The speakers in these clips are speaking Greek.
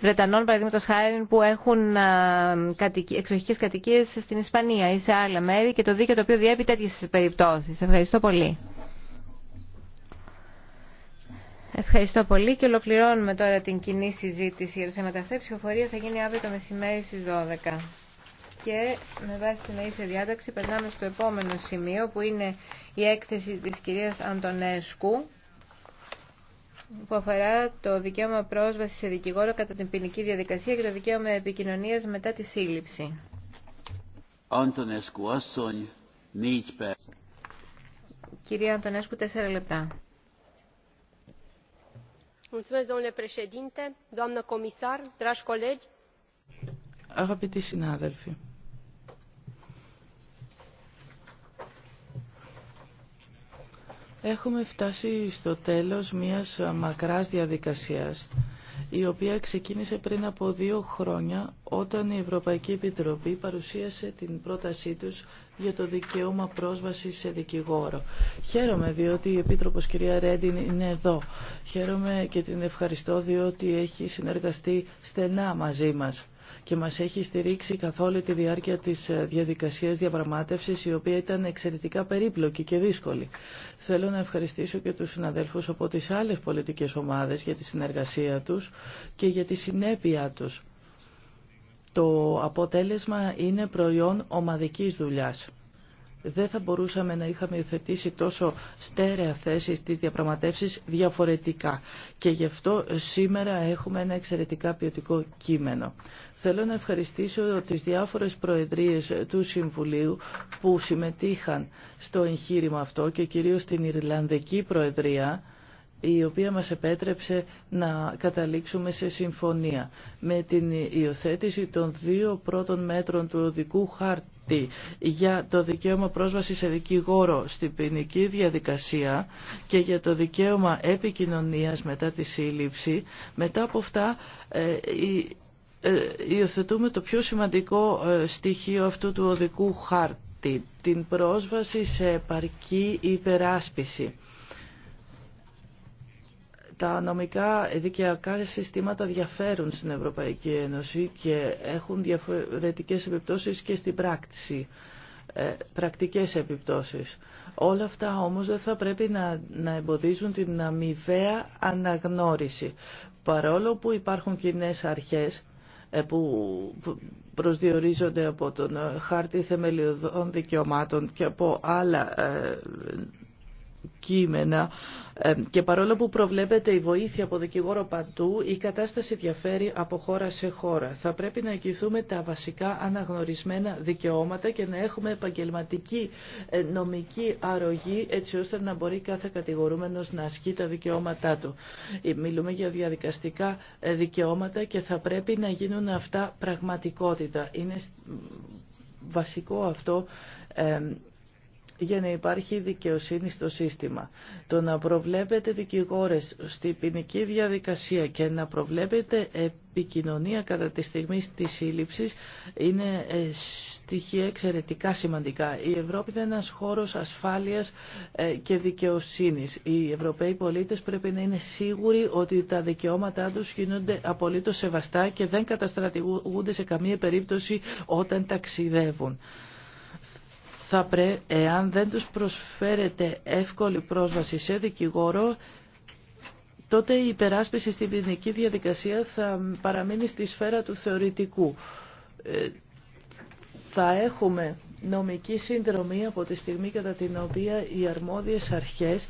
Βρετανών, παραδείγματο χάρη, που έχουν ε, εξοχικέ κατοικίε στην Ισπανία ή σε άλλα μέρη και το δίκαιο το οποίο διέπει τέτοιε περιπτώσει. Ευχαριστώ πολύ. Ευχαριστώ πολύ και ολοκληρώνουμε τώρα την κοινή συζήτηση για τα θέματα αυτά. Η ψηφοφορία θα γίνει αύριο το μεσημέρι στι 12. Και με βάση την αίσια διάταξη περνάμε στο επόμενο σημείο που είναι η έκθεση της κυρίας Αντονέσκου που αφορά το δικαίωμα πρόσβαση σε δικηγόρο κατά την ποινική διαδικασία και το δικαίωμα επικοινωνία μετά τη σύλληψη. Κυρία Αντωνέσκου, τέσσερα λεπτά. Αγαπητοί συνάδελφοι, Έχουμε φτάσει στο τέλος μιας μακράς διαδικασίας η οποία ξεκίνησε πριν από δύο χρόνια όταν η Ευρωπαϊκή Επιτροπή παρουσίασε την πρότασή τους για το δικαίωμα πρόσβαση σε δικηγόρο. Χαίρομαι διότι η Επίτροπος κυρία Ρέντιν είναι εδώ. Χαίρομαι και την ευχαριστώ διότι έχει συνεργαστεί στενά μαζί μας και μας έχει στηρίξει καθ' όλη τη διάρκεια της ε, διαδικασίας διαπραγμάτευσης η οποία ήταν εξαιρετικά περίπλοκη και δύσκολη. Θέλω να ευχαριστήσω και τους συναδέλφους από τις άλλες πολιτικές ομάδες για τη συνεργασία τους και για τη συνέπειά τους. Το αποτέλεσμα είναι προϊόν ομαδικής δουλειάς δεν θα μπορούσαμε να είχαμε υιοθετήσει τόσο στέρεα θέση στις διαπραγματεύσεις διαφορετικά. Και γι' αυτό σήμερα έχουμε ένα εξαιρετικά ποιοτικό κείμενο. Θέλω να ευχαριστήσω τις διάφορες προεδρίες του Συμβουλίου που συμμετείχαν στο εγχείρημα αυτό και κυρίως την Ιρλανδική Προεδρία η οποία μας επέτρεψε να καταλήξουμε σε συμφωνία. Με την υιοθέτηση των δύο πρώτων μέτρων του οδικού χάρτη για το δικαίωμα πρόσβαση σε δικηγόρο στην ποινική διαδικασία και για το δικαίωμα επικοινωνίας μετά τη σύλληψη. Μετά από αυτά ε, ε, υιοθετούμε το πιο σημαντικό ε, στοιχείο αυτού του οδικού χάρτη, την πρόσβαση σε επαρκή υπεράσπιση. Τα νομικά δικαιακά συστήματα διαφέρουν στην Ευρωπαϊκή Ένωση και έχουν διαφορετικές επιπτώσεις και στην πράξη ε, πρακτικές επιπτώσεις. Όλα αυτά όμως δεν θα πρέπει να, εμποδίζουν την αμοιβαία αναγνώριση. Παρόλο που υπάρχουν κοινέ αρχές ε, που προσδιορίζονται από τον ε, χάρτη θεμελιωδών δικαιωμάτων και από άλλα κείμενα και παρόλο που προβλέπεται η βοήθεια από δικηγόρο παντού, η κατάσταση διαφέρει από χώρα σε χώρα. Θα πρέπει να εγγυηθούμε τα βασικά αναγνωρισμένα δικαιώματα και να έχουμε επαγγελματική ε, νομική αρρωγή έτσι ώστε να μπορεί κάθε κατηγορούμενος να ασκεί τα δικαιώματά του. Ε, μιλούμε για διαδικαστικά ε, δικαιώματα και θα πρέπει να γίνουν αυτά πραγματικότητα. Είναι βασικό αυτό για να υπάρχει δικαιοσύνη στο σύστημα. Το να προβλέπετε δικηγόρες στη ποινική διαδικασία και να προβλέπετε επικοινωνία κατά τη στιγμή της σύλληψης είναι ε, στοιχεία εξαιρετικά σημαντικά. Η Ευρώπη είναι ένας χώρος ασφάλειας ε, και δικαιοσύνης. Οι Ευρωπαίοι πολίτες πρέπει να είναι σίγουροι ότι τα δικαιώματά τους γίνονται απολύτως σεβαστά και δεν καταστρατηγούνται σε καμία περίπτωση όταν ταξιδεύουν θα εάν δεν τους προσφέρεται εύκολη πρόσβαση σε δικηγόρο, τότε η υπεράσπιση στην ποινική διαδικασία θα παραμείνει στη σφαίρα του θεωρητικού. Ε, θα έχουμε νομική συνδρομή από τη στιγμή κατά την οποία οι αρμόδιες αρχές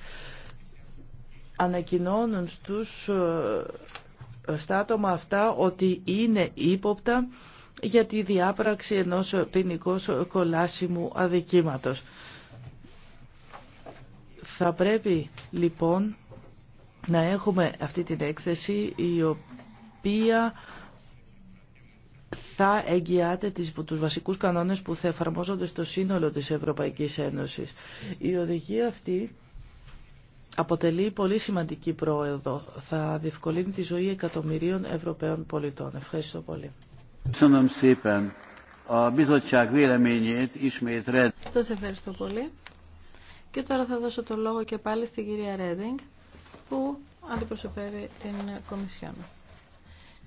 ανακοινώνουν στους, ε, στα άτομα αυτά ότι είναι ύποπτα για τη διάπραξη ενός ποινικού κολάσιμου αδικήματος. Θα πρέπει λοιπόν να έχουμε αυτή την έκθεση η οποία θα εγγυάται τις, τους βασικούς κανόνες που θα εφαρμόζονται στο σύνολο της Ευρωπαϊκής Ένωσης. Η οδηγία αυτή αποτελεί πολύ σημαντική πρόοδο. Θα διευκολύνει τη ζωή εκατομμυρίων Ευρωπαίων πολιτών. Ευχαριστώ πολύ. Σας ευχαριστώ πολύ. Και τώρα θα δώσω το λόγο και πάλι στην κυρία Ρέντινγκ που αντιπροσωπεύει την Κομισιόν.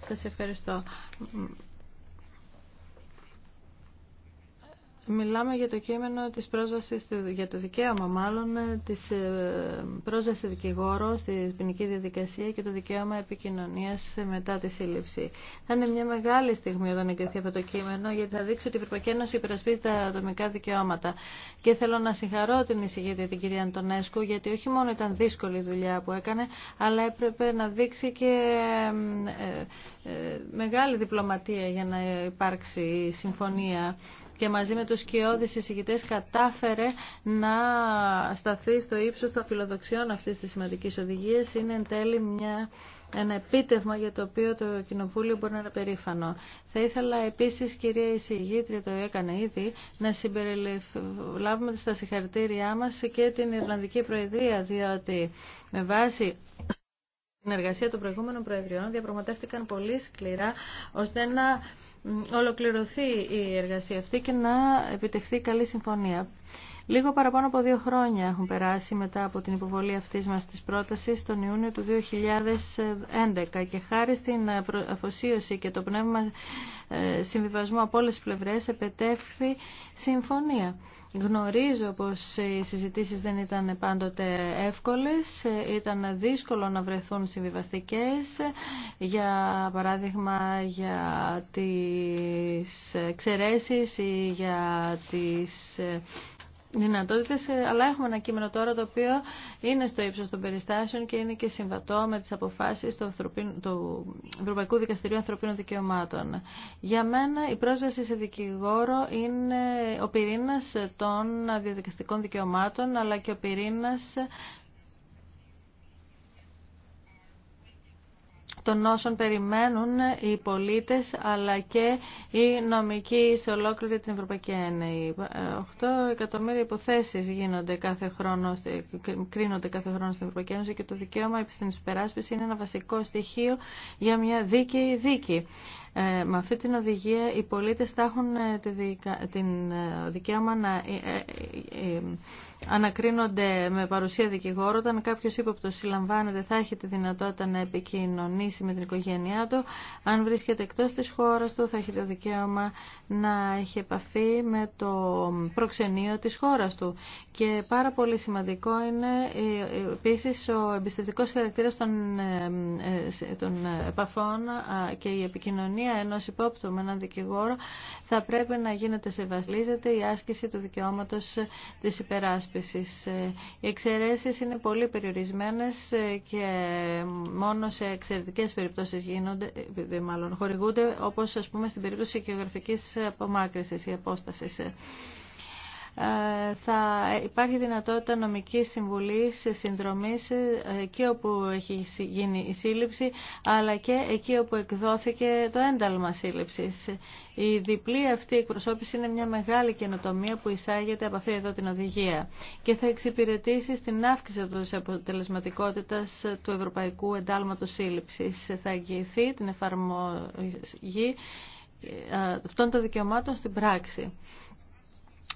Σας ευχαριστώ. Μιλάμε για το κείμενο της πρόσβασης, για το δικαίωμα μάλλον, ε, της ε, πρόσβασης δικηγόρο στη ποινική διαδικασία και το δικαίωμα επικοινωνίας μετά τη σύλληψη. Θα είναι μια μεγάλη στιγμή όταν εγκριθεί αυτό το κείμενο, γιατί θα δείξει ότι η Ευρωπαϊκή Ένωση υπερασπίζει τα ατομικά δικαιώματα. Και θέλω να συγχαρώ την εισηγήτρια την κυρία Αντωνέσκου, γιατί όχι μόνο ήταν δύσκολη η δουλειά που έκανε, αλλά έπρεπε να δείξει και ε, μεγάλη διπλωματία για να υπάρξει συμφωνία και μαζί με τους σκιώδεις εισηγητές κατάφερε να σταθεί στο ύψος των φιλοδοξιών αυτής της σημαντικής οδηγίας είναι εν τέλει μια ένα επίτευγμα για το οποίο το Κοινοβούλιο μπορεί να είναι περήφανο. Θα ήθελα επίση, κυρία Εισηγήτρια, το έκανε ήδη, να συμπεριλάβουμε στα συγχαρητήριά μας και την Ιρλανδική Προεδρία, διότι με βάση την εργασία των προηγούμενων Προεδριών διαπραγματεύτηκαν πολύ σκληρά ώστε να ολοκληρωθεί η εργασία αυτή και να επιτευχθεί καλή συμφωνία. Λίγο παραπάνω από δύο χρόνια έχουν περάσει μετά από την υποβολή αυτής μας της πρότασης τον Ιούνιο του 2011 και χάρη στην αφοσίωση και το πνεύμα ε, συμβιβασμού από όλες τις πλευρές επετεύχθη συμφωνία. Γνωρίζω πως οι συζητήσεις δεν ήταν πάντοτε εύκολες, ήταν δύσκολο να βρεθούν συμβιβαστικές, για παράδειγμα για τις εξαιρέσεις ή για τις ε, αλλά έχουμε ένα κείμενο τώρα το οποίο είναι στο ύψο των περιστάσεων και είναι και συμβατό με τις αποφάσεις του, Ευρωπαϊκού Δικαστηρίου Ανθρωπίνων Δικαιωμάτων. Για μένα η πρόσβαση σε δικηγόρο είναι ο πυρήνας των διαδικαστικών δικαιωμάτων, αλλά και ο πυρήνα. των όσων περιμένουν οι πολίτες αλλά και οι νομικοί σε ολόκληρη την Ευρωπαϊκή Ένωση. 8 ε, εκατομμύρια υποθέσεις γίνονται κάθε χρόνο, κρίνονται κάθε χρόνο στην Ευρωπαϊκή Ένωση και το δικαίωμα στην υπεράσπιση είναι ένα βασικό στοιχείο για μια δίκαιη δίκη. Ε, με αυτή την οδηγία οι πολίτες θα έχουν ε, την ε, δικαίωμα να ανακρίνονται με παρουσία δικηγόρου. Όταν κάποιος ύποπτος συλλαμβάνεται θα έχει τη δυνατότητα να επικοινωνήσει με την οικογένειά του. Αν βρίσκεται εκτός της χώρας του θα έχει το δικαίωμα να έχει επαφή με το προξενείο της χώρας του. Και πάρα πολύ σημαντικό είναι επίσης ο εμπιστευτικός χαρακτήρας των, των επαφών και η επικοινωνία επιθυμία ενός υπόπτου με έναν δικηγόρο θα πρέπει να γίνεται σεβασλίζεται η άσκηση του δικαιώματος της υπεράσπισης. Ε, οι εξαιρέσεις είναι πολύ περιορισμένες ε, και μόνο σε εξαιρετικές περιπτώσεις γίνονται, ε, μάλλον χορηγούνται, όπως πούμε στην περίπτωση γεωγραφικής απομάκρυσης ή απόστασης θα υπάρχει δυνατότητα νομικής συμβουλής, συνδρομής εκεί όπου έχει γίνει η σύλληψη αλλά και εκεί όπου εκδόθηκε το ένταλμα σύλληψης. Η διπλή αυτή εκπροσώπηση είναι μια μεγάλη καινοτομία που εισάγεται από αυτή εδώ την οδηγία και θα εξυπηρετήσει στην αύξηση της αποτελεσματικότητας του Ευρωπαϊκού Εντάλματος Σύλληψης. Θα αγγιηθεί την εφαρμογή ε, αυτών των δικαιωμάτων στην πράξη.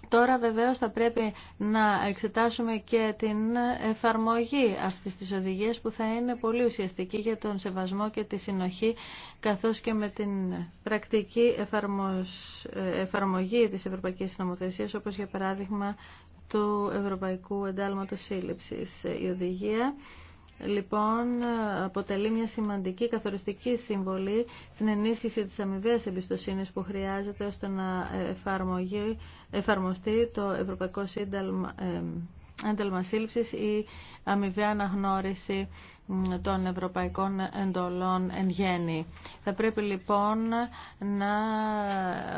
Τώρα βεβαίως θα πρέπει να εξετάσουμε και την εφαρμογή αυτής της οδηγίας που θα είναι πολύ ουσιαστική για τον σεβασμό και τη συνοχή καθώς και με την πρακτική εφαρμογή της Ευρωπαϊκής Νομοθεσίας όπως για παράδειγμα του Ευρωπαϊκού Εντάλματος Σύλληψης. Η οδηγία λοιπόν αποτελεί μια σημαντική καθοριστική συμβολή στην ενίσχυση της αμοιβαίας εμπιστοσύνης που χρειάζεται ώστε να εφαρμοστεί το Ευρωπαϊκό Σύνταγμα ε, Εντέλμα σύλληψης ή αμοιβαία αναγνώριση των ευρωπαϊκών εντολών εν γέννη. Θα πρέπει λοιπόν να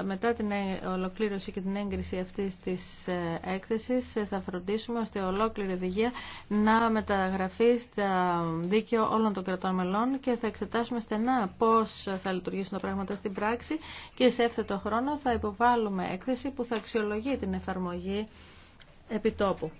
μετά την ολοκλήρωση και την έγκριση αυτής της ε, έκθεσης ε, θα φροντίσουμε ώστε η ολόκληρη οδηγία να μεταγραφεί στα δίκαιο όλων των κρατών μελών και θα εξετάσουμε στενά πώς θα λειτουργήσουν τα πράγματα στην πράξη και σε έφθετο χρόνο θα υποβάλουμε έκθεση που θα αξιολογεί την εφαρμογή επιτόπου.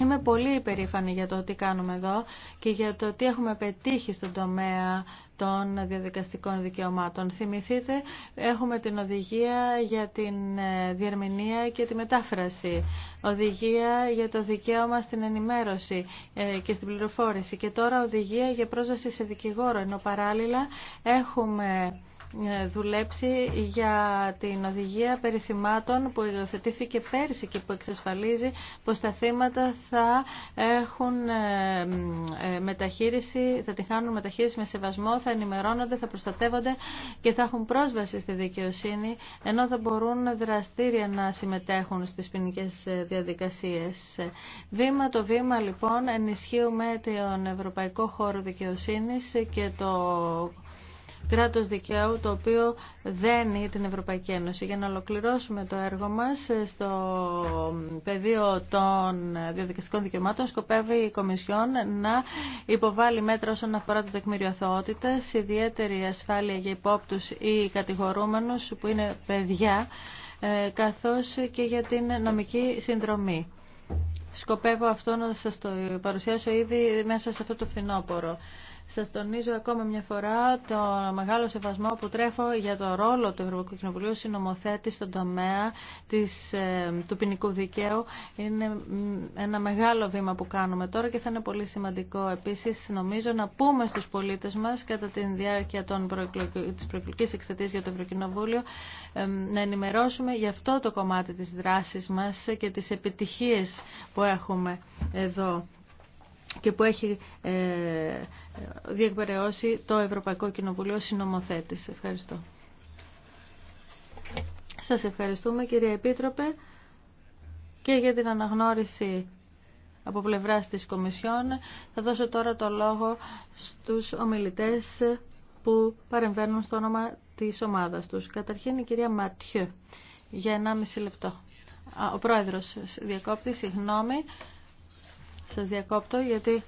Είμαι πολύ υπερήφανη για το τι κάνουμε εδώ και για το τι έχουμε πετύχει στον τομέα των διαδικαστικών δικαιωμάτων. Θυμηθείτε, έχουμε την οδηγία για την ε, διερμηνία και τη μετάφραση, οδηγία για το δικαίωμα στην ενημέρωση ε, και στην πληροφόρηση και τώρα οδηγία για πρόσβαση σε δικηγόρο, ενώ παράλληλα έχουμε ε, δουλέψει για την οδηγία περιθυμάτων που υιοθετήθηκε πέρσι και που εξασφαλίζει πως τα θύματα θα έχουν ε, ε, μεταχείριση, θα τη χάνουν μεταχείριση με σεβασμό, θα ενημερώνονται, θα προστατεύονται και θα έχουν πρόσβαση στη δικαιοσύνη, ενώ θα μπορούν δραστήρια να συμμετέχουν στις ποινικέ διαδικασίες. Βήμα το βήμα λοιπόν ενισχύουμε τον Ευρωπαϊκό Χώρο Δικαιοσύνης και το κράτος δικαίου το οποίο δένει την Ευρωπαϊκή Ένωση. Για να ολοκληρώσουμε το έργο μας στο πεδίο των διαδικαστικών δικαιωμάτων σκοπεύει η Κομισιόν να υποβάλει μέτρα όσον αφορά το τεκμήριο αθωότητας, ιδιαίτερη ασφάλεια για υπόπτους ή κατηγορούμενους που είναι παιδιά, ε, καθώς και για την νομική συνδρομή. Σκοπεύω αυτό να σας το παρουσιάσω ήδη μέσα σε αυτό το φθινόπωρο. Σας τονίζω ακόμα μια φορά το μεγάλο σεβασμό που τρέφω για το ρόλο του Ευρωπαϊκού Κοινοβουλίου συνομοθέτη στον τομέα της, ε, του ποινικού δικαίου. Είναι ένα μεγάλο βήμα που κάνουμε τώρα και θα είναι πολύ σημαντικό επίσης νομίζω να πούμε στους πολίτες μας κατά τη διάρκεια των της προεκλογικής για το Ευρωκοινοβούλιο να ενημερώσουμε γι' αυτό το κομμάτι της δράσης μας και τις επιτυχίες που έχουμε εδώ και που έχει ε, διεκπαιρεώσει το Ευρωπαϊκό Κοινοβουλίο συνομοθέτης. Ευχαριστώ. Σας ευχαριστούμε κυρία Επίτροπε και για την αναγνώριση από πλευράς της Κομισιόν. Θα δώσω τώρα το λόγο στους ομιλητές που παρεμβαίνουν στο όνομα της ομάδας τους. Καταρχήν η κυρία Ματιού. για 1,5 λεπτό. Ο πρόεδρος διακόπτη, συγγνώμη, σας διακόπτω γιατί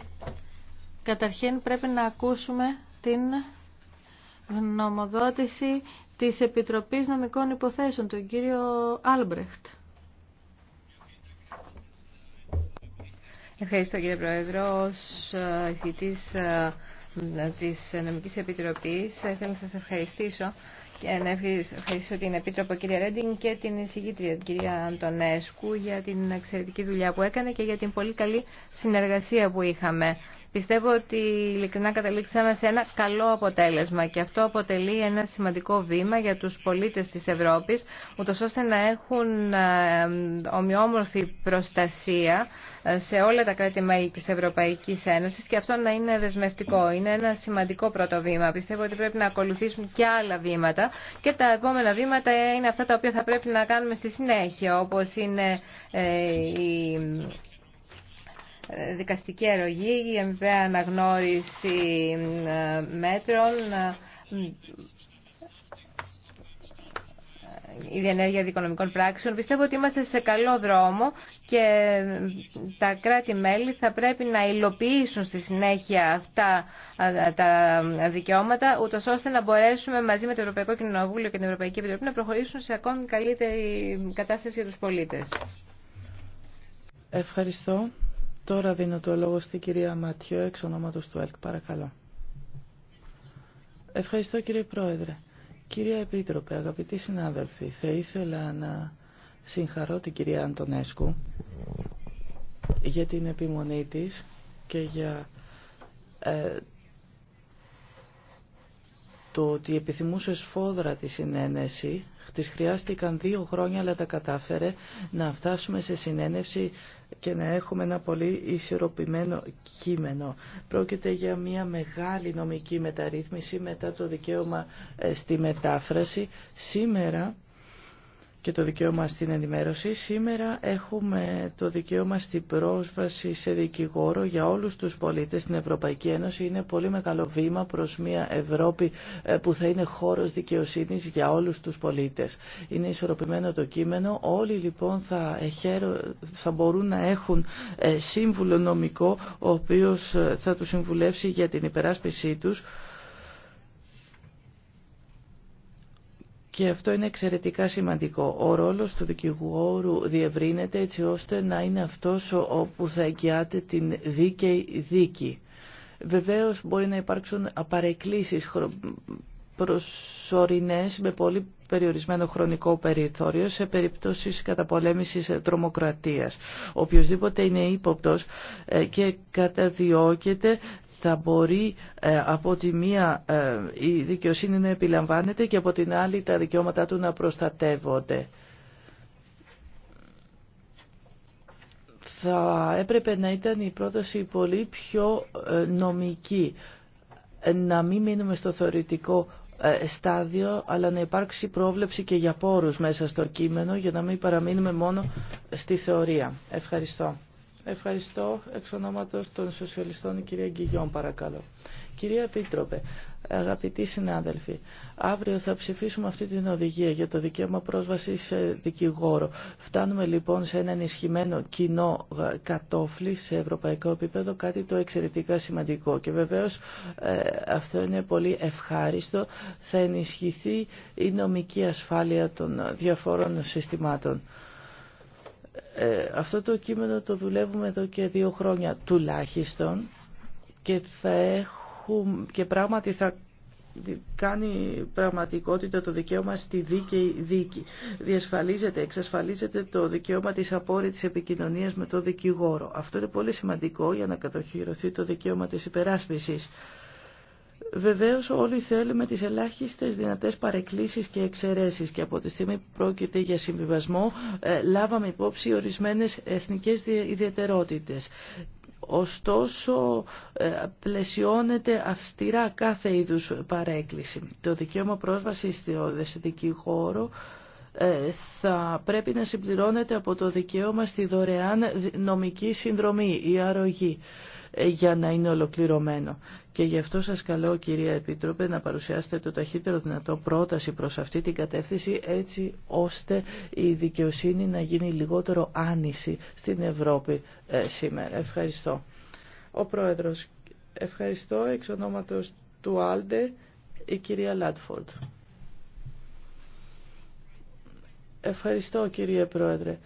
Καταρχήν πρέπει να ακούσουμε την νομοδότηση της Επιτροπής Νομικών Υποθέσεων, τον κύριο Άλμπρεχτ. Ευχαριστώ κύριε Πρόεδρο. Ως ε, εισηγητής ε, της Νομικής Επιτροπής ε, θέλω να σας ευχαριστήσω και να ευχαριστήσω την Επίτροπο κυρία Ρέντινγκ και την εισηγήτρια την κυρία Αντωνέσκου για την εξαιρετική δουλειά που έκανε και για την πολύ καλή συνεργασία που είχαμε. Πιστεύω ότι ειλικρινά καταλήξαμε σε ένα καλό αποτέλεσμα και αυτό αποτελεί ένα σημαντικό βήμα για τους πολίτες της Ευρώπης, ούτως ώστε να έχουν ε, ομοιόμορφη προστασία ε, σε όλα τα κράτη-μέλη της Ευρωπαϊκής Ένωσης και αυτό να είναι δεσμευτικό. Είναι ένα σημαντικό πρώτο βήμα. Πιστεύω ότι πρέπει να ακολουθήσουν και άλλα βήματα και τα επόμενα βήματα είναι αυτά τα οποία θα πρέπει να κάνουμε στη συνέχεια, όπως είναι ε, η δικαστική αρρωγή, η εμβαία αναγνώριση ε, μέτρων, ε, ε, η διενέργεια δικονομικών πράξεων. Πιστεύω ότι είμαστε σε καλό δρόμο και τα κράτη-μέλη θα πρέπει να υλοποιήσουν στη συνέχεια αυτά τα δικαιώματα, ούτως ώστε να μπορέσουμε μαζί με το Ευρωπαϊκό Κοινοβούλιο και την Ευρωπαϊκή Επιτροπή να προχωρήσουν σε ακόμη καλύτερη κατάσταση για τους πολίτες. Ευχαριστώ. Τώρα δίνω το λόγο στην κυρία Ματιό, εξ ονόματος του ΕΛΚ. Παρακαλώ. Ευχαριστώ κύριε Πρόεδρε. Κυρία Επίτροπε, αγαπητοί συνάδελφοι, θα ήθελα να συγχαρώ την κυρία Αντωνέσκου για την επιμονή της και για ε, το ότι επιθυμούσε σφόδρα τη συνένεση. Τη χρειάστηκαν δύο χρόνια, αλλά τα κατάφερε να φτάσουμε σε συνένευση και να έχουμε ένα πολύ ισορροπημένο κείμενο. Πρόκειται για μια μεγάλη νομική μεταρρύθμιση μετά το δικαίωμα ε, στη μετάφραση. Σήμερα και το δικαίωμα στην ενημέρωση. Σήμερα έχουμε το δικαίωμα στην πρόσβαση σε δικηγόρο για όλους τους πολίτες στην Ευρωπαϊκή Ένωση. Είναι πολύ μεγάλο βήμα προς μια Ευρώπη ε, που θα είναι χώρος δικαιοσύνης για όλους τους πολίτες. Είναι ισορροπημένο το κείμενο. Όλοι λοιπόν θα, θα μπορούν να έχουν ε, σύμβουλο νομικό ο οποίος ε, θα τους συμβουλεύσει για την υπεράσπιση τους Και αυτό είναι εξαιρετικά σημαντικό. Ο ρόλος του δικηγόρου διευρύνεται έτσι ώστε να είναι αυτός όπου θα εγγυάται την δίκαιη δίκη. Βεβαίως μπορεί να υπάρξουν απαρεκκλήσεις προσωρινές με πολύ περιορισμένο χρονικό περιθώριο σε περιπτώσεις καταπολέμησης τρομοκρατίας. Οποιοςδήποτε είναι ύποπτος ε, και καταδιώκεται θα μπορεί ε, από τη μία ε, η δικαιοσύνη να επιλαμβάνεται και από την άλλη τα δικαιώματά του να προστατεύονται. Θα έπρεπε να ήταν η πρόταση πολύ πιο ε, νομική, να μην μείνουμε στο θεωρητικό στάδιο, αλλά να υπάρξει πρόβλεψη και για πόρους μέσα στο κείμενο, για να μην παραμείνουμε μόνο στη θεωρία. Ευχαριστώ. Ευχαριστώ. Εξ ονόματος των Σοσιαλιστών, η κυρία Γκυγιόν, παρακαλώ. Κυρία Επίτροπε, αγαπητοί συνάδελφοι, αύριο θα ψηφίσουμε αυτή την οδηγία για το δικαίωμα πρόσβαση σε δικηγόρο. Φτάνουμε λοιπόν σε ένα ενισχυμένο κοινό κατόφλι σε ευρωπαϊκό επίπεδο, κάτι το εξαιρετικά σημαντικό. Και βεβαίω ε, αυτό είναι πολύ ευχάριστο. Θα ενισχυθεί η νομική ασφάλεια των διαφόρων συστημάτων. Ε, αυτό το κείμενο το δουλεύουμε εδώ και δύο χρόνια τουλάχιστον και θα έχουμε και πράγματι θα κάνει πραγματικότητα το δικαίωμα στη δίκαιη δίκη. Διασφαλίζεται, εξασφαλίζεται το δικαίωμα της απόρριτης επικοινωνίας με το δικηγόρο. Αυτό είναι πολύ σημαντικό για να κατοχυρωθεί το δικαίωμα της υπεράσπισης Βεβαίως όλοι θέλουμε τις ελάχιστες δυνατές παρεκκλήσεις και εξαιρέσεις και από τη στιγμή που πρόκειται για συμβιβασμό ε, λάβαμε υπόψη ορισμένες εθνικές ιδιαιτερότητες. Ωστόσο ε, πλαισιώνεται αυστηρά κάθε είδους παρέκκληση. Το δικαίωμα πρόσβασης στο δεσιτική χώρο ε, θα πρέπει να συμπληρώνεται από το δικαίωμα στη δωρεάν νομική συνδρομή ή αρρωγή για να είναι ολοκληρωμένο. Και γι' αυτό σας καλώ κυρία Επίτροπε να παρουσιάσετε το ταχύτερο δυνατό πρόταση προς αυτή την κατεύθυνση έτσι ώστε η δικαιοσύνη να γίνει λιγότερο άνηση στην Ευρώπη ε, σήμερα. Ευχαριστώ. Ο Πρόεδρος, ευχαριστώ εξ του Άλντε, η κυρία Λάτφορντ. Ευχαριστώ κύριε Πρόεδρε.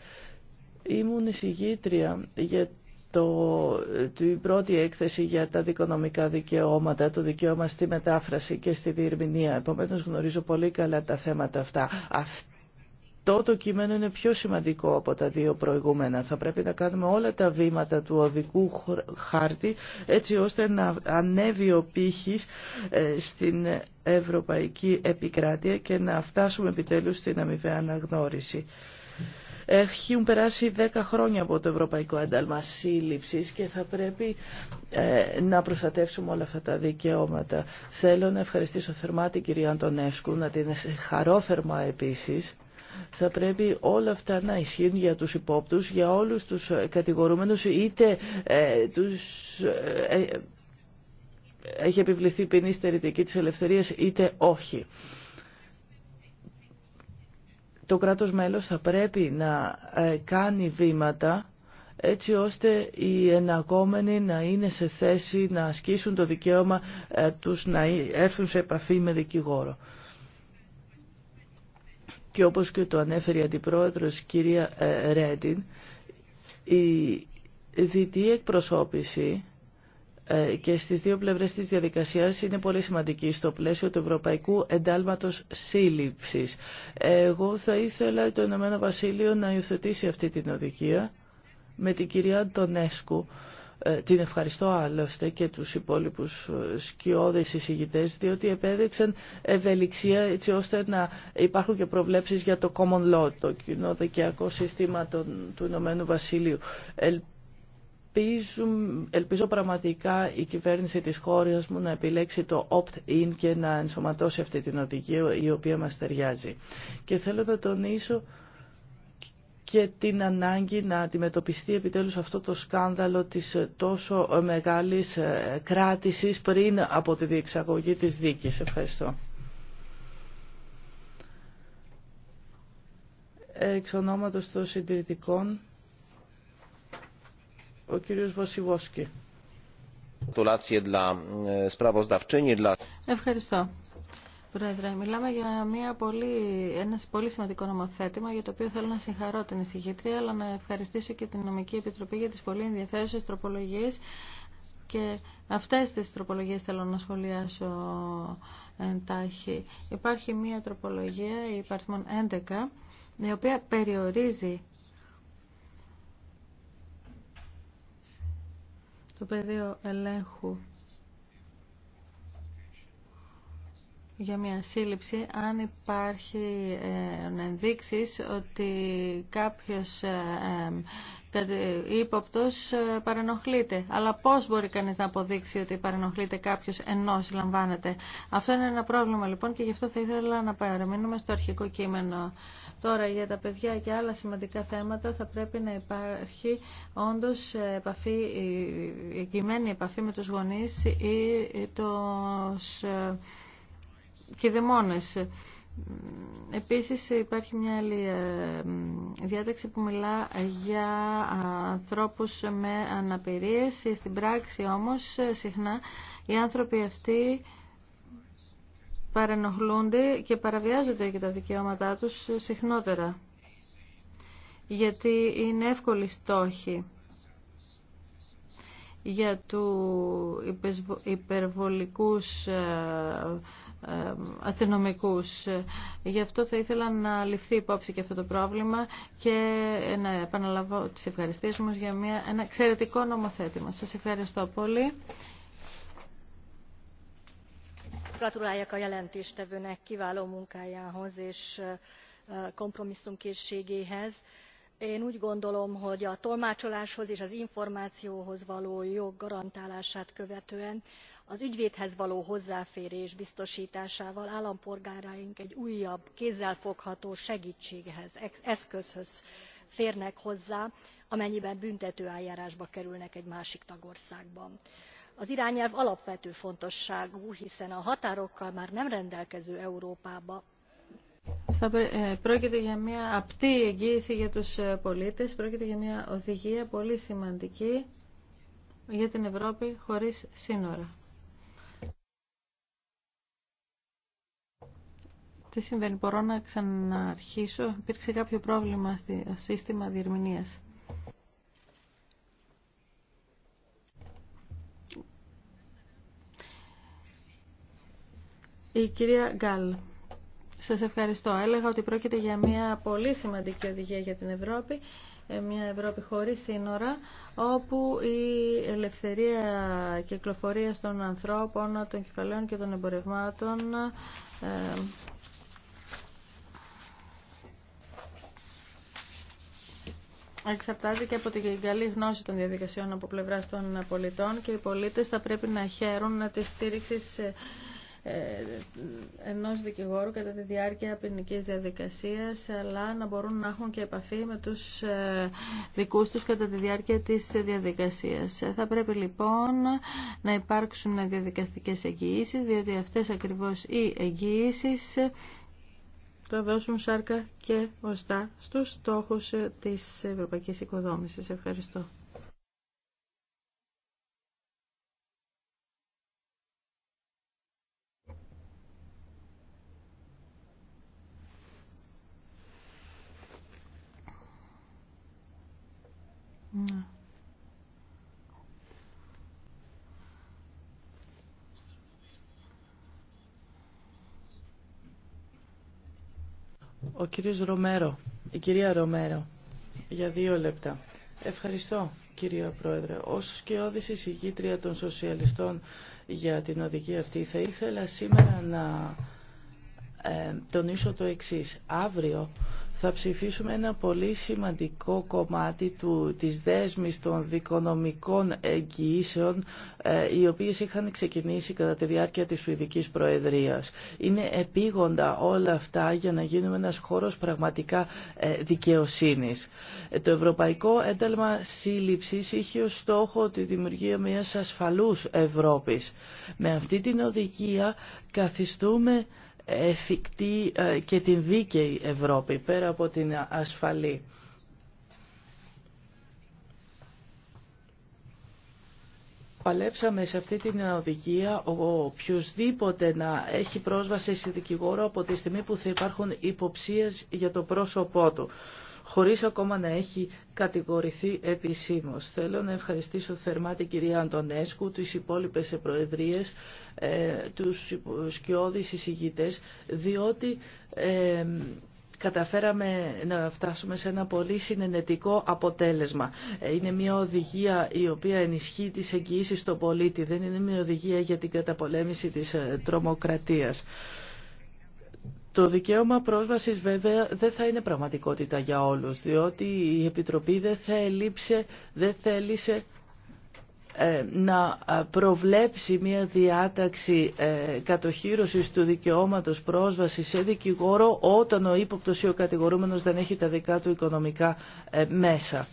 Ήμουν εισηγήτρια για το, την πρώτη έκθεση για τα δικονομικά δικαιώματα, το δικαίωμα στη μετάφραση και στη διερμηνία. Επομένως γνωρίζω πολύ καλά τα θέματα αυτά. Αυτό το κείμενο είναι πιο σημαντικό από τα δύο προηγούμενα. Θα πρέπει να κάνουμε όλα τα βήματα του οδικού χάρτη έτσι ώστε να ανέβει ο πύχης ε, στην ευρωπαϊκή επικράτεια και να φτάσουμε επιτέλους στην αμοιβαία αναγνώριση. Έχουν περάσει 10 χρόνια από το Ευρωπαϊκό Ένταλμα Σύλληψης και θα πρέπει ε, να προστατεύσουμε όλα αυτά τα δικαιώματα. Θέλω να ευχαριστήσω θερμά την κυρία Αντωνέσκου, να την χαρώ θερμά επίσης θα πρέπει όλα αυτά να ισχύουν για τους υπόπτους, για όλους τους κατηγορούμενους, είτε ε, τους... Ε, ε, έχει επιβληθεί ποινή στερητική της ελευθερίας είτε όχι το κράτος μέλος θα πρέπει να ε, κάνει βήματα έτσι ώστε οι εναγόμενοι να είναι σε θέση να ασκήσουν το δικαίωμα ε, τους να έρθουν σε επαφή με δικηγόρο. Και όπως και το ανέφερε η Αντιπρόεδρος κυρία ε, Ρέντιν, η διτή εκπροσώπηση ε, και στις δύο πλευρές της διαδικασίας είναι πολύ σημαντική στο πλαίσιο του Ευρωπαϊκού Εντάλματος Σύλληψης. Εγώ θα ήθελα το Ηνωμένο Βασίλειο να υιοθετήσει αυτή την οδηγία με την κυρία Ντονέσκου. Ε, την ευχαριστώ άλλωστε και τους υπόλοιπους ε, σκιώδες εισηγητές διότι επέδεξαν ευελιξία έτσι ώστε να υπάρχουν και προβλέψεις για το common law, το κοινό δικαιακό σύστημα του Ηνωμένου Βασίλειου ελπίζω πραγματικά η κυβέρνηση της χώρας μου να επιλέξει το opt-in και να ενσωματώσει αυτή την οδηγία η οποία μας ταιριάζει. Και θέλω να τονίσω και την ανάγκη να αντιμετωπιστεί επιτέλους αυτό το σκάνδαλο της τόσο μεγάλης ε, κράτησης πριν από τη διεξαγωγή της δίκης. Ευχαριστώ. Εξ ονόματος των συντηρητικών ο κύριος e, Ευχαριστώ. Πρόεδρε, μιλάμε για μια πολύ, ένα πολύ σημαντικό νομοθέτημα για το οποίο θέλω να συγχαρώ την εισηγήτρια αλλά να ευχαριστήσω και την Νομική Επιτροπή για τις πολύ ενδιαφέρουσες τροπολογίες και αυτές τις τροπολογίες θέλω να σχολιάσω εντάχει. Υπάρχει μια τροπολογία, η 11, η οποία περιορίζει στο πεδίο ελέγχου για μια σύλληψη αν υπάρχει ε, ενδείξεις ότι κάποιος ε, ύποπτος ε, παρενοχλείται. Αλλά πώς μπορεί κανείς να αποδείξει ότι παρενοχλείται κάποιος ενώ συλλαμβάνεται. Αυτό είναι ένα πρόβλημα λοιπόν και γι' αυτό θα ήθελα να παραμείνουμε στο αρχικό κείμενο. Τώρα για τα παιδιά και άλλα σημαντικά θέματα θα πρέπει να υπάρχει όντως επαφή, επαφή με τους γονείς ή τους και δαιμόνες. Επίσης υπάρχει μια άλλη ε, διάταξη που μιλά για ανθρώπους με αναπηρίες. Στην πράξη όμως συχνά οι άνθρωποι αυτοί παρενοχλούνται και παραβιάζονται και τα δικαιώματά τους συχνότερα. Γιατί είναι εύκολη στόχη για του υπερβολικούς ε, ε, αστυνομικούς. Ε, γι' αυτό θα ήθελα να ληφθεί υπόψη και αυτό το πρόβλημα και ε, να επαναλαβώ τις ευχαριστήσεις μου για μια, ένα εξαιρετικό νομοθέτημα. Σας ευχαριστώ πολύ. Gratuláljak a jelentéstevőnek kiváló munkájához és kompromisszumkészségéhez én úgy gondolom hogy a tolmácsoláshoz és az információhoz való jog garantálását követően az ügyvédhez való hozzáférés biztostásával állampolgáraink egy újabb kézzelfogható segtséghez eszközhöz férnek hozzá amennyiben büntetőeljárásba kerülnek egy másik tagországban. az irányelv alapvető fontosságú hiszen a határokkal már nem rendelkező európában θα ε, πρόκειται για μια απτή εγγύηση για τους ε, πολίτες, πρόκειται για μια οδηγία πολύ σημαντική για την Ευρώπη χωρίς σύνορα. Τι συμβαίνει, μπορώ να ξαναρχίσω. Υπήρξε κάποιο πρόβλημα στο σύστημα διερμηνίας. Η κυρία Γκάλ. Σας ευχαριστώ. Έλεγα ότι πρόκειται για μια πολύ σημαντική οδηγία για την Ευρώπη, ε, μια Ευρώπη χωρίς σύνορα, όπου η ελευθερία κυκλοφορία των ανθρώπων, των κεφαλαίων και των εμπορευμάτων ε, Εξαρτάται και από την καλή γνώση των διαδικασιών από πλευρά των πολιτών και οι πολίτες θα πρέπει να χαίρουν τη στήριξη ε, ενός δικηγόρου κατά τη διάρκεια ποινική διαδικασίας αλλά να μπορούν να έχουν και επαφή με τους ε, δικούς τους κατά τη διάρκεια της διαδικασίας. Θα πρέπει λοιπόν να υπάρξουν διαδικαστικές εγγυήσεις διότι αυτές ακριβώς οι εγγυήσεις θα δώσουν σάρκα και οστά στους στόχους της ευρωπαϊκής οικοδόμησης. Ευχαριστώ. Ο κύριος Ρομέρο, η κυρία Ρομέρο, για δύο λεπτά. Ευχαριστώ κυρία Πρόεδρε. Ως σκιώδης εισηγήτρια των σοσιαλιστών για την οδηγία αυτή θα ήθελα σήμερα να ε, τονίσω το εξής. Αύριο θα ψηφίσουμε ένα πολύ σημαντικό κομμάτι του, της δέσμης των δικονομικών εγγυήσεων ε, οι οποίες είχαν ξεκινήσει κατά τη διάρκεια της Σουηδικής Προεδρίας. Είναι επίγοντα όλα αυτά για να γίνουμε ένας χώρος πραγματικά ε, δικαιοσύνης. Ε, το Ευρωπαϊκό Ένταλμα Σύλληψης είχε ως στόχο τη δημιουργία μιας ασφαλούς Ευρώπης. Με αυτή την οδηγία καθιστούμε εφικτή ε, και την δίκαιη Ευρώπη πέρα από την ασφαλή. Παλέψαμε σε αυτή την οδηγία οποιοδήποτε να έχει πρόσβαση σε δικηγόρο από τη στιγμή που θα υπάρχουν υποψίες για το πρόσωπό του χωρίς ακόμα να έχει κατηγορηθεί επισήμως. Θέλω να ευχαριστήσω θερμά την κυρία Αντωνέσκου, τις υπόλοιπες προεδρίες, ε, τους σκιώδεις εισηγητές, διότι ε, καταφέραμε να φτάσουμε σε ένα πολύ συνενετικό αποτέλεσμα. Ε, είναι μια οδηγία η οποία ενισχύει τις εγγυήσεις στον πολίτη, δεν είναι μια οδηγία για την καταπολέμηση της τρομοκρατίας. Το δικαίωμα πρόσβασης βέβαια δεν θα είναι πραγματικότητα για όλους, διότι η Επιτροπή δεν θέλησε, δεν να ε, προβλέψει μια διάταξη ε, κατοχήρωσης του δικαιώματος πρόσβασης σε δικηγόρο όταν ο ύποπτος ή ο κατηγορούμενος δεν έχει τα δικά του οικονομικά ε, μέσα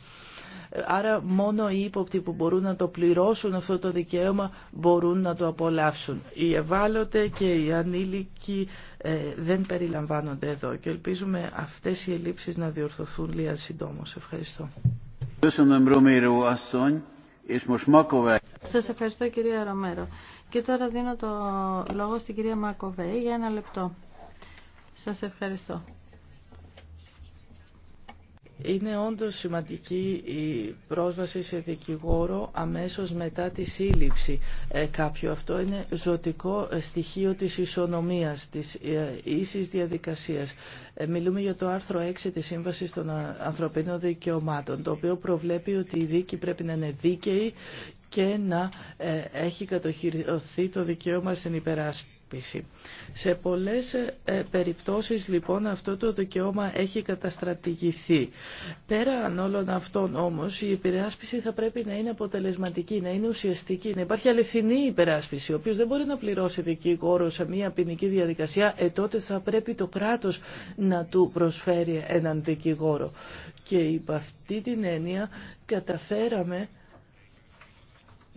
άρα μόνο οι ύποπτοι που μπορούν να το πληρώσουν αυτό το δικαίωμα μπορούν να το απολαύσουν. Οι ευάλωτε και οι ανήλικοι ε, δεν περιλαμβάνονται εδώ και ελπίζουμε αυτές οι ελλείψεις να διορθωθούν λίγα συντόμως. Ευχαριστώ. Σας ευχαριστώ κυρία Ρομέρο. Και τώρα δίνω το λόγο στην κυρία Μακοβέη για ένα λεπτό. Σας ευχαριστώ. Είναι όντως σημαντική η πρόσβαση σε δικηγόρο αμέσως μετά τη σύλληψη ε, κάποιου. Αυτό είναι ζωτικό ε, στοιχείο της ισονομίας, της ε, ίσης διαδικασίας. Μιλούμε για το άρθρο 6 της Σύμβασης των Ανθρωπίνων Δικαιωμάτων, το οποίο προβλέπει ότι η δίκη πρέπει να είναι δίκαιη και να έχει κατοχυρωθεί το δικαίωμα στην υπεράσπιση σε πολλές ε, περιπτώσεις λοιπόν αυτό το δικαιώμα έχει καταστρατηγηθεί. Πέραν όλων αυτών όμως η υπεράσπιση θα πρέπει να είναι αποτελεσματική, να είναι ουσιαστική, να υπάρχει αληθινή υπεράσπιση. Ο οποίο δεν μπορεί να πληρώσει δικηγόρο σε μια ποινική διαδικασία, ε τότε θα πρέπει το κράτος να του προσφέρει έναν δικηγόρο. Και υπ' αυτή την έννοια καταφέραμε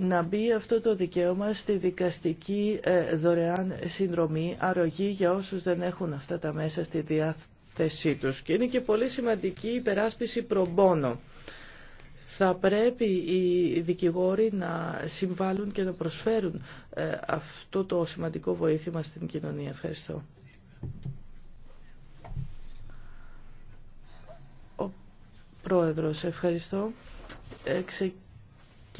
να μπει αυτό το δικαίωμα στη δικαστική ε, δωρεάν συνδρομή αρρωγή για όσους δεν έχουν αυτά τα μέσα στη διάθεσή τους. Και είναι και πολύ σημαντική η υπεράσπιση προμπόνο. Θα πρέπει οι δικηγόροι να συμβάλλουν και να προσφέρουν ε, αυτό το σημαντικό βοήθημα στην κοινωνία. Ευχαριστώ. Ο Πρόεδρος, ευχαριστώ. Ε,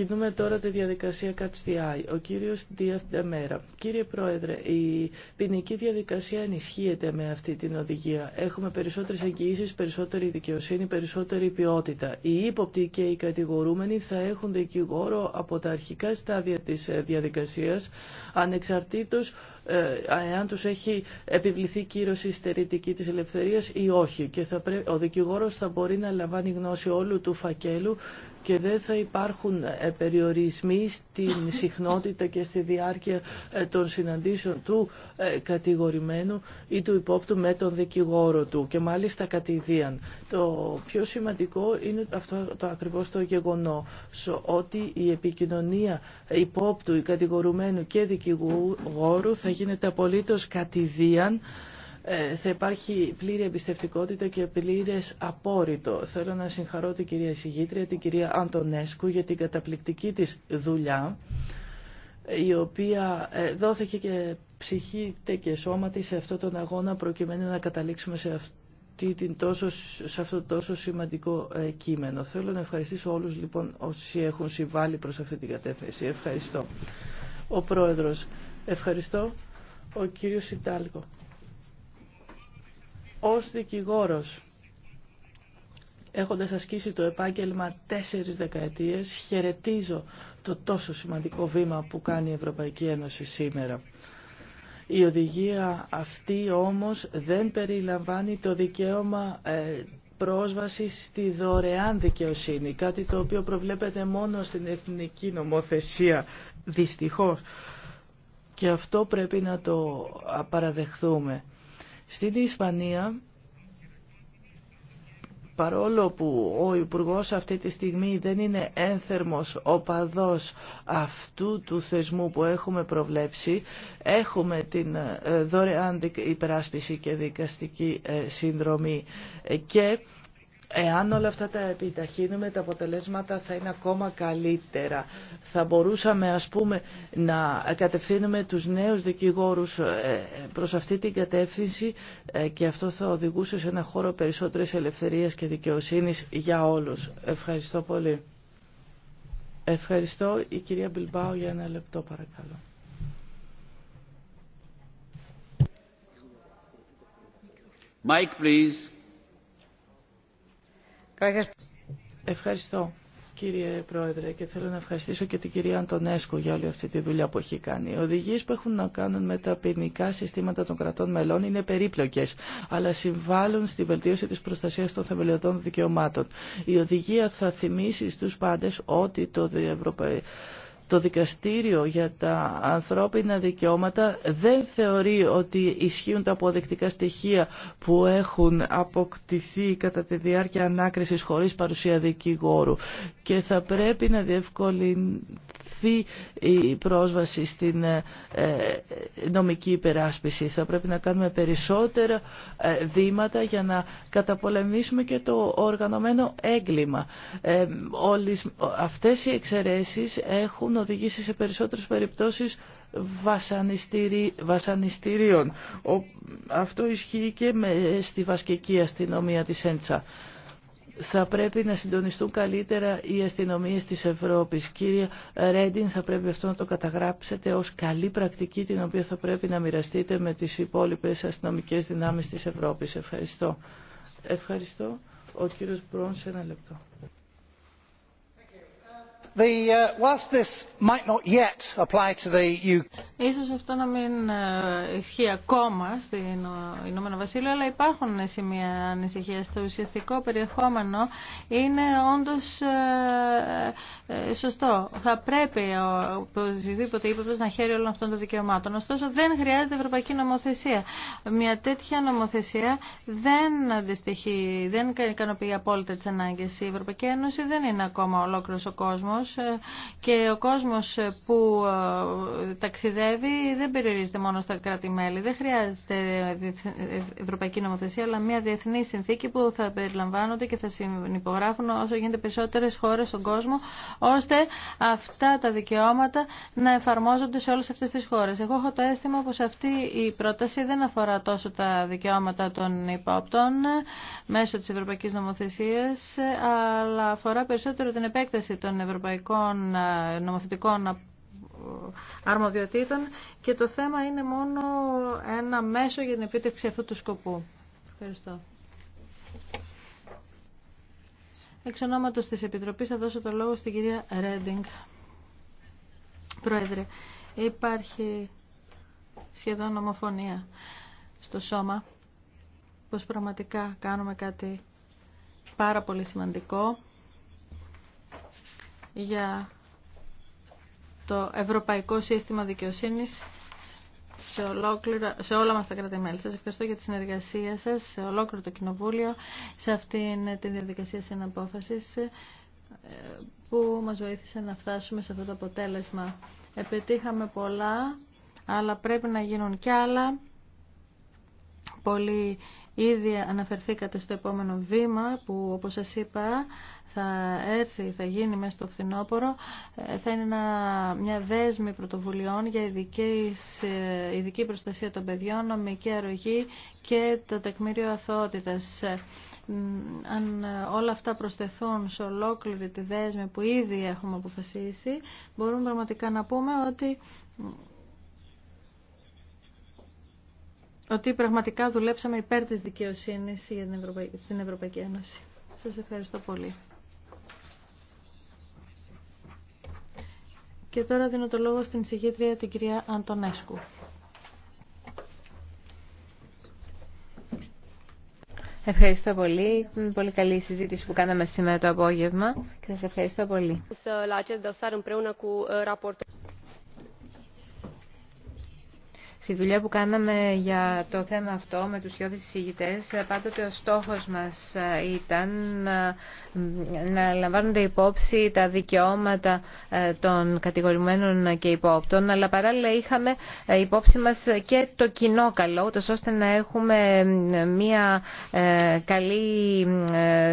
Κινούμε τώρα τη διαδικασία ΚΑΤΣΤΙΑΙ. Ο κύριος Διαθεμέρα. Κύριε Πρόεδρε, η ποινική διαδικασία ενισχύεται με αυτή την οδηγία. Έχουμε περισσότερες εγγυήσεις, περισσότερη δικαιοσύνη, περισσότερη ποιότητα. Οι ύποπτοι και οι κατηγορούμενοι θα έχουν δικηγόρο από τα αρχικά στάδια της ε, διαδικασίας, ανεξαρτήτως ε, εάν τους έχει επιβληθεί κύρωση στερητική της ελευθερίας ή όχι. Και θα ο δικηγόρος θα μπορεί να λαμβάνει γνώση όλου του φακέλου και δεν θα υπάρχουν ε, περιορισμοί στην συχνότητα και στη διάρκεια ε, των συναντήσεων του κατηγορημένου ή του υπόπτου με τον δικηγόρο του και μάλιστα κατηδίαν. Το πιο σημαντικό είναι αυτό το ακριβώς το γεγονό ότι η επικοινωνία υπόπτου, κατηγορουμένου και δικηγόρου γίνεται απολύτως κατηδίαν ε, θα υπάρχει πλήρη εμπιστευτικότητα και πλήρε απόρριτο. Θέλω να συγχαρώ την κυρία Συγήτρια, την κυρία Αντωνέσκου για την καταπληκτική της δουλειά η οποία ε, δόθηκε και ψυχή και σώμα σε αυτόν τον αγώνα προκειμένου να καταλήξουμε σε αυτή την τόσο, σε αυτό το τόσο σημαντικό ε, κείμενο. Θέλω να ευχαριστήσω όλους λοιπόν όσοι έχουν συμβάλει προς αυτή την κατεύθυνση. Ευχαριστώ. Ο Πρόεδρος, ευχαριστώ ο κύριος Ιντάλγο. Ως δικηγόρος, έχοντας ασκήσει το επάγγελμα τέσσερις δεκαετίες, χαιρετίζω το τόσο σημαντικό βήμα που κάνει η Ευρωπαϊκή Ένωση σήμερα. Η οδηγία αυτή όμως δεν περιλαμβάνει το δικαίωμα ε, πρόσβαση στη δωρεάν δικαιοσύνη, κάτι το οποίο προβλέπεται μόνο στην εθνική νομοθεσία, δυστυχώς και αυτό πρέπει να το παραδεχθούμε. Στην Ισπανία, παρόλο που ο υπουργό αυτή τη στιγμή δεν είναι ένθερμος οπαδός αυτού του θεσμού που έχουμε προβλέψει, έχουμε την ε, δωρεάν υπεράσπιση και δικαστική ε, συνδρομή ε, και Εάν όλα αυτά τα επιταχύνουμε, τα αποτελέσματα θα είναι ακόμα καλύτερα. Θα μπορούσαμε, ας πούμε, να κατευθύνουμε τους νέους δικηγόρους ε, προς αυτή την κατεύθυνση ε, και αυτό θα οδηγούσε σε ένα χώρο περισσότερης ελευθερίας και δικαιοσύνης για όλους. Ευχαριστώ πολύ. Ευχαριστώ. Η κυρία Μπιλμπάου για ένα λεπτό, παρακαλώ. Ευχαριστώ κύριε Πρόεδρε και θέλω να ευχαριστήσω και την κυρία Αντωνέσκου για όλη αυτή τη δουλειά που έχει κάνει. Οι οδηγίε που έχουν να κάνουν με τα ποινικά συστήματα των κρατών μελών είναι περίπλοκε, αλλά συμβάλλουν στη βελτίωση τη προστασία των θεμελιωδών δικαιωμάτων. Η οδηγία θα θυμίσει στου πάντε ότι το Ευρωπαϊκό το Δικαστήριο για τα Ανθρώπινα Δικαιώματα δεν θεωρεί ότι ισχύουν τα αποδεκτικά στοιχεία που έχουν αποκτηθεί κατά τη διάρκεια ανάκρισης χωρίς παρουσία δικηγόρου και θα πρέπει να διευκολυνθεί η πρόσβαση στην ε, ε, νομική υπεράσπιση. Θα πρέπει να κάνουμε περισσότερα ε, βήματα για να καταπολεμήσουμε και το οργανωμένο έγκλημα. Όλες αυτές οι εξαιρέσεις έχουν οδηγήσει σε περισσότερες περιπτώσεις βασανιστήριων. Αυτό ισχύει και με, στη βασκική αστυνομία της Έντσα. Θα πρέπει να συντονιστούν καλύτερα οι αστυνομίες της Ευρώπης. Κύριε Ρέντιν, θα πρέπει αυτό να το καταγράψετε ως καλή πρακτική την οποία θα πρέπει να μοιραστείτε με τις υπόλοιπες αστυνομικές δυνάμεις της Ευρώπης. Ευχαριστώ. Ευχαριστώ. Ο κύριος Μπρόν σε ένα λεπτό. Ίσως αυτό να μην ε, ισχύει ακόμα στην ε, Ηνωμένο Βασίλειο, αλλά υπάρχουν σημεία ανησυχία. Το ουσιαστικό περιεχόμενο είναι όντω ε, σωστό. Θα πρέπει οποιοδήποτε ύποπτο να χαίρει όλων αυτών των δικαιωμάτων. Ωστόσο δεν χρειάζεται ευρωπαϊκή νομοθεσία. Μια τέτοια νομοθεσία δεν αντιστοιχεί, δεν ικανοποιεί απόλυτα τι ανάγκε. Η Ευρωπαϊκή Ένωση δεν είναι ακόμα ολόκληρο ο κόσμο κόσμος ε, και ο κόσμος που ε, ταξιδεύει δεν περιορίζεται μόνο στα κράτη-μέλη. Δεν χρειάζεται ευρωπαϊκή νομοθεσία, αλλά μια διεθνή συνθήκη που θα περιλαμβάνονται και θα συνυπογράφουν όσο γίνεται περισσότερες χώρες στον κόσμο, ώστε αυτά τα δικαιώματα να εφαρμόζονται σε όλες αυτές τις χώρες. Εγώ έχω το αίσθημα πως αυτή η πρόταση δεν αφορά τόσο τα δικαιώματα των υπόπτων ε, μέσω της ευρωπαϊκής νομοθεσίας, αλλά αφορά περισσότερο την επέκταση των ευρωπαϊκών ε, νομοθετικών ε, αρμοδιοτήτων και το θέμα είναι μόνο ένα μέσο για την επίτευξη αυτού του σκοπού. Ευχαριστώ. Εξ ονόματος της Επιτροπής θα δώσω το λόγο στην κυρία Ρέντινγκ. Πρόεδρε, υπάρχει σχεδόν ομοφωνία στο σώμα πως πραγματικά κάνουμε κάτι πάρα πολύ σημαντικό για το Ευρωπαϊκό Σύστημα Δικαιοσύνης σε, ολόκληρο, σε όλα μας τα κράτη-μέλη. Σας ευχαριστώ για τη συνεργασία σας σε ολόκληρο το Κοινοβούλιο, σε αυτή τη διαδικασία συναπόφασης ε, που μας βοήθησε να φτάσουμε σε αυτό το αποτέλεσμα. Επιτύχαμε πολλά, αλλά πρέπει να γίνουν κι άλλα. Πολύ Ήδη αναφερθήκατε στο επόμενο βήμα που όπως σας είπα θα έρθει, θα γίνει μέσα στο φθινόπωρο. Ε, θα είναι μια δέσμη πρωτοβουλειών για ειδική, ε, ειδική προστασία των παιδιών, νομική αρρωγή και το τεκμήριο αθότητας. Ε, αν όλα αυτά προσθεθούν σε ολόκληρη τη δέσμη που ήδη έχουμε αποφασίσει, μπορούμε πραγματικά να πούμε ότι ότι πραγματικά δουλέψαμε υπέρ της δικαιοσύνης για την Ευρωπαϊκή, στην Ευρωπαϊκή Ένωση. Σας ευχαριστώ πολύ. Και τώρα δίνω το λόγο στην συγχύτρια την κυρία Αντωνέσκου. Ευχαριστώ πολύ. πολύ καλή η συζήτηση που κάναμε σήμερα το απόγευμα και σας ευχαριστώ πολύ. Στη δουλειά που κάναμε για το θέμα αυτό με τους χιώδης εισηγητές, πάντοτε ο στόχος μας ε, ήταν ε, να λαμβάνονται υπόψη τα δικαιώματα ε, των κατηγορημένων και υπόπτων, αλλά παράλληλα είχαμε υπόψη μας και το κοινό καλό, ούτως ώστε να έχουμε μια καλή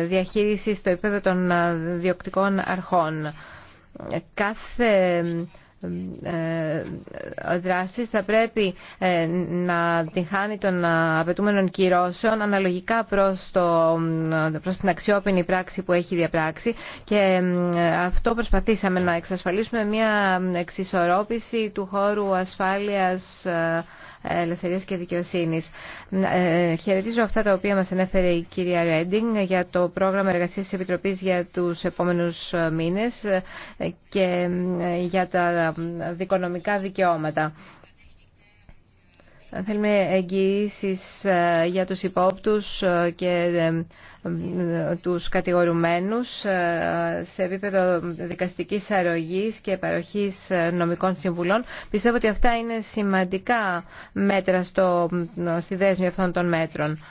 διαχείριση στο επίπεδο των διοκτικών αρχών. Κάθε οδράσεις ε, ε, θα πρέπει ε, να την χάνει των απαιτούμενων κυρώσεων αναλογικά προς, το, προς την αξιόπινη πράξη που έχει διαπράξει και αυτό προσπαθήσαμε να εξασφαλίσουμε μια εξισορρόπηση του χώρου ασφάλειας Ελευθερίας και Δικαιοσύνης. Ε, χαιρετίζω αυτά τα οποία μας ανέφερε η κυρία Ρέντινγκ για το πρόγραμμα εργασίας της Επιτροπής για τους επόμενους ε, μήνες ε, και για τα δικονομικά δικαιώματα. Θέλουμε εγγυήσει ε, για τους υπόπτους ε, και ε, τους κατηγορουμένους σε επίπεδο δικαστικής αρρωγής και παροχής νομικών συμβουλών. Πιστεύω ότι αυτά είναι σημαντικά μέτρα στο, στη δέσμη αυτών των μέτρων.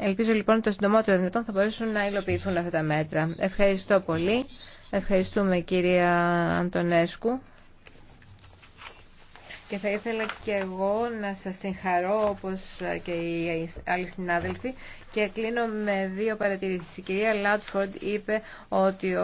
Ελπίζω λοιπόν ότι το συντομότερο δυνατόν θα μπορέσουν να υλοποιηθούν αυτά τα μέτρα. Ευχαριστώ πολύ. Ευχαριστούμε κυρία Αντωνέσκου. Και θα ήθελα και εγώ να σας συγχαρώ όπως και οι άλλοι συνάδελφοι και κλείνω με δύο παρατηρήσεις. Η κυρία Λάτφορντ είπε ότι